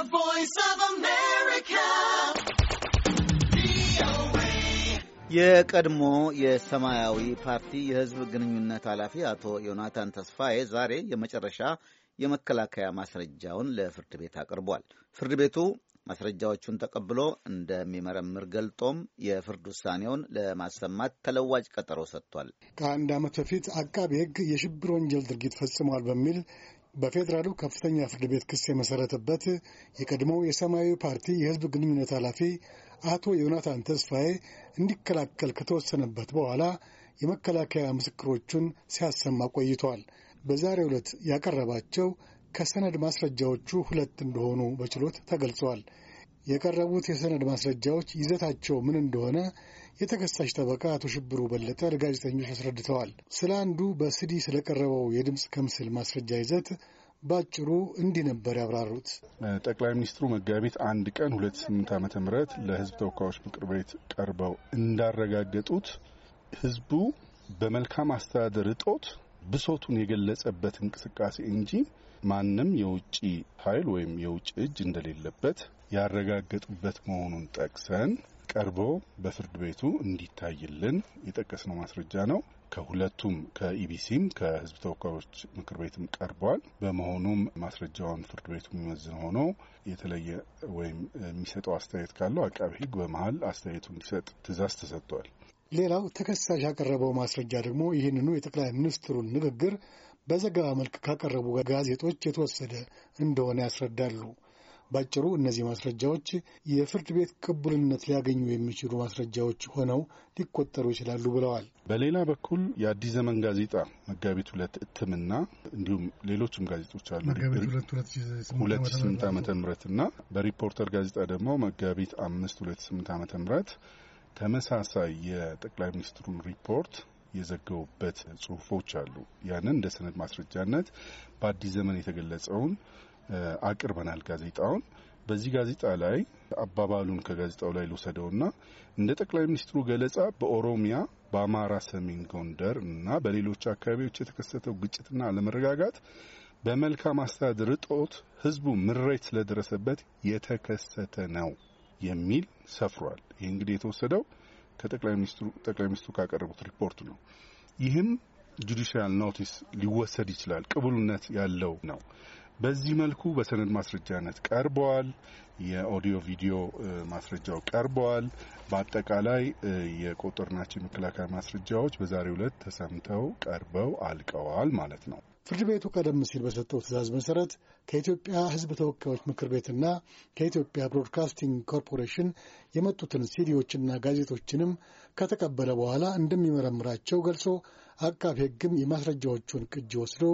The Voice of America. የቀድሞ የሰማያዊ ፓርቲ የሕዝብ ግንኙነት ኃላፊ አቶ ዮናታን ተስፋዬ ዛሬ የመጨረሻ የመከላከያ ማስረጃውን ለፍርድ ቤት አቅርቧል። ፍርድ ቤቱ ማስረጃዎቹን ተቀብሎ እንደሚመረምር ገልጦም የፍርድ ውሳኔውን ለማሰማት ተለዋጭ ቀጠሮ ሰጥቷል። ከአንድ ዓመት በፊት አቃቤ ሕግ የሽብር ወንጀል ድርጊት ፈጽሟል በሚል በፌዴራሉ ከፍተኛ ፍርድ ቤት ክስ የመሰረተበት የቀድሞው የሰማያዊ ፓርቲ የሕዝብ ግንኙነት ኃላፊ አቶ ዮናታን ተስፋዬ እንዲከላከል ከተወሰነበት በኋላ የመከላከያ ምስክሮቹን ሲያሰማ ቆይቷል። በዛሬ ዕለት ያቀረባቸው ከሰነድ ማስረጃዎቹ ሁለት እንደሆኑ በችሎት ተገልጿል። የቀረቡት የሰነድ ማስረጃዎች ይዘታቸው ምን እንደሆነ የተከሳሽ ጠበቃ አቶ ሽብሩ በለጠ ለጋዜጠኞች አስረድተዋል። ስለ አንዱ በሲዲ ስለቀረበው የድምፅ ከምስል ማስረጃ ይዘት ባጭሩ እንዲህ ነበር ያብራሩት። ጠቅላይ ሚኒስትሩ መጋቢት አንድ ቀን 28 ዓ ም ለህዝብ ተወካዮች ምክር ቤት ቀርበው እንዳረጋገጡት ህዝቡ በመልካም አስተዳደር እጦት ብሶቱን የገለጸበት እንቅስቃሴ እንጂ ማንም የውጭ ኃይል ወይም የውጭ እጅ እንደሌለበት ያረጋገጡበት መሆኑን ጠቅሰን ቀርቦ በፍርድ ቤቱ እንዲታይልን የጠቀስነው ማስረጃ ነው። ከሁለቱም ከኢቢሲም ከህዝብ ተወካዮች ምክር ቤትም ቀርቧል። በመሆኑም ማስረጃውን ፍርድ ቤቱ የሚመዝን ሆኖ የተለየ ወይም የሚሰጠው አስተያየት ካለው አቃቤ ሕግ በመሀል አስተያየቱ እንዲሰጥ ትእዛዝ ተሰጥቷል። ሌላው ተከሳሽ ያቀረበው ማስረጃ ደግሞ ይህንኑ የጠቅላይ ሚኒስትሩን ንግግር በዘገባ መልክ ካቀረቡ ጋዜጦች የተወሰደ እንደሆነ ያስረዳሉ። ባጭሩ እነዚህ ማስረጃዎች የፍርድ ቤት ቅቡልነት ሊያገኙ የሚችሉ ማስረጃዎች ሆነው ሊቆጠሩ ይችላሉ ብለዋል። በሌላ በኩል የአዲስ ዘመን ጋዜጣ መጋቢት ሁለት እትምና እንዲሁም ሌሎችም ጋዜጦች አሉ። ሁለት ስምንት ዓመተ ምህረት እና በሪፖርተር ጋዜጣ ደግሞ መጋቢት አምስት ሁለት ስምንት ዓመተ ምህረት ተመሳሳይ የጠቅላይ ሚኒስትሩን ሪፖርት የዘገቡበት ጽሁፎች አሉ። ያንን እንደ ሰነድ ማስረጃነት በአዲስ ዘመን የተገለጸውን አቅርበናል። ጋዜጣውን በዚህ ጋዜጣ ላይ አባባሉን ከጋዜጣው ላይ ልውሰደውና እንደ ጠቅላይ ሚኒስትሩ ገለጻ በኦሮሚያ በአማራ ሰሜን ጎንደር እና በሌሎች አካባቢዎች የተከሰተው ግጭትና አለመረጋጋት በመልካም አስተዳደር እጦት ህዝቡ ምሬት ስለደረሰበት የተከሰተ ነው የሚል ሰፍሯል። ይህ እንግዲህ የተወሰደው ከጠቅላይ ሚኒስትሩ ጠቅላይ ሚኒስትሩ ካቀረቡት ሪፖርት ነው። ይህም ጁዲሽያል ኖቲስ ሊወሰድ ይችላል፣ ቅቡልነት ያለው ነው። በዚህ መልኩ በሰነድ ማስረጃነት ቀርበዋል። የኦዲዮ ቪዲዮ ማስረጃው ቀርበዋል። በአጠቃላይ የቆጠርናቸው የመከላከያ ማስረጃዎች በዛሬው ዕለት ተሰምተው ቀርበው አልቀዋል ማለት ነው። ፍርድ ቤቱ ቀደም ሲል በሰጠው ትእዛዝ መሠረት ከኢትዮጵያ ሕዝብ ተወካዮች ምክር ቤትና ከኢትዮጵያ ብሮድካስቲንግ ኮርፖሬሽን የመጡትን ሲዲዎችና ጋዜጦችንም ከተቀበለ በኋላ እንደሚመረምራቸው ገልጾ አቃቤ ሕግም የማስረጃዎቹን ቅጂ ወስዶ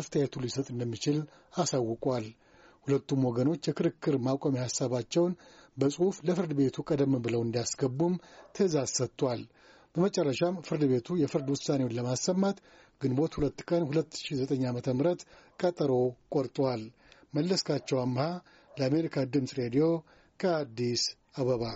አስተያየቱ ሊሰጥ እንደሚችል አሳውቋል። ሁለቱም ወገኖች የክርክር ማቆሚያ ሐሳባቸውን በጽሑፍ ለፍርድ ቤቱ ቀደም ብለው እንዲያስገቡም ትእዛዝ ሰጥቷል። በመጨረሻም ፍርድ ቤቱ የፍርድ ውሳኔውን ለማሰማት ግንቦት ሁለት ቀን 2009 ዓ ም ቀጠሮ ቆርጧል። መለስካቸው አምሃ ለአሜሪካ ድምፅ ሬዲዮ ከአዲስ አበባ